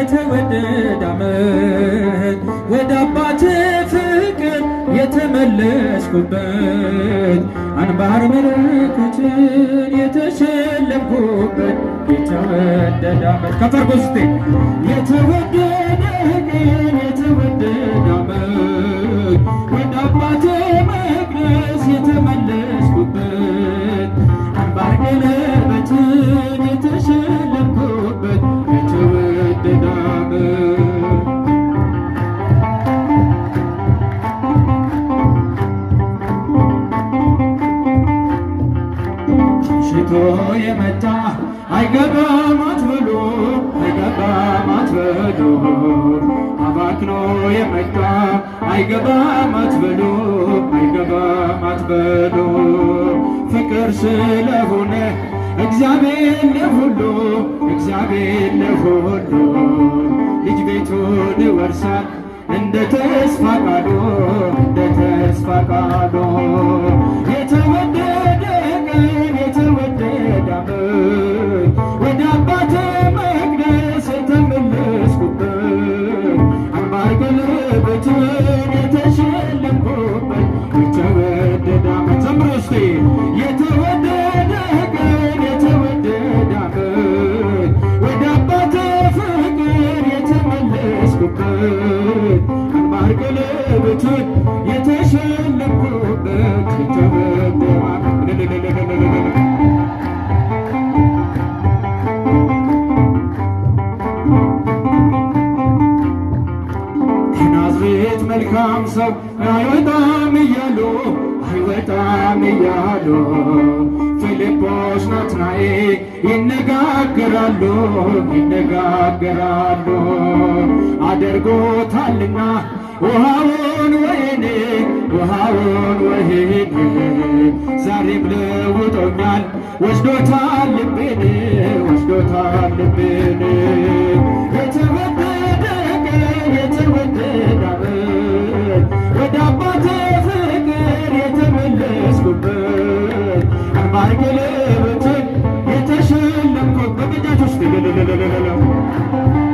የተወደደ አመት ወደ አባት ፍቅር የተመለስኩበት አንባር መለኮትን የተሸለምኩበት የተወደደ ዓመት ከፈርጎስቴ የተወደደ ሽቶ የመጣ አይገባም አትበሉ፣ አይገባም አትበሉ። አባክኖ የመጣ አይገባም አትበሉ፣ አይገባም አትበሉ። ፍቅር ስለሆነ እግዚአብሔር ለሁሉ እግዚአብሔር ለሁሉ ልጅ ቤቱን ይወርሳል እንደ ተስፋ ቃሉ እንደ ተስፋ ቃሉ ናዝሬት መልካም ሰው አይወጣም እያሉ አይወጣም እያሉ ፊልጶስ ናትናኤ ይነጋገራሉ ይነጋገራሉ አደርጎታልና ውሃውን ወይኔ ውሃውን ወይኔ ዛሬም ለውጦኛል ወስዶታል ልቤን ወስዶታል ልቤን በግዳጅ ውስጥ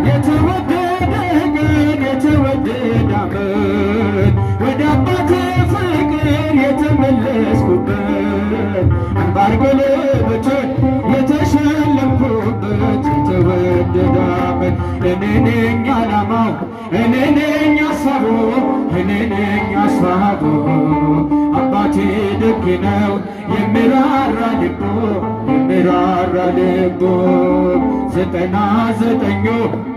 የተወደደ ቀን የተወደደ የተመለስኩበት አምባር ጎልብቶች የተሸለምኩበት የተወደደ ዓመት እኔ እኔ ነኝ አሳቡ አባቴ ደግ ነው የሚራራ ልቦ የሚራ ልቡ ዘጠና ዘጠኙ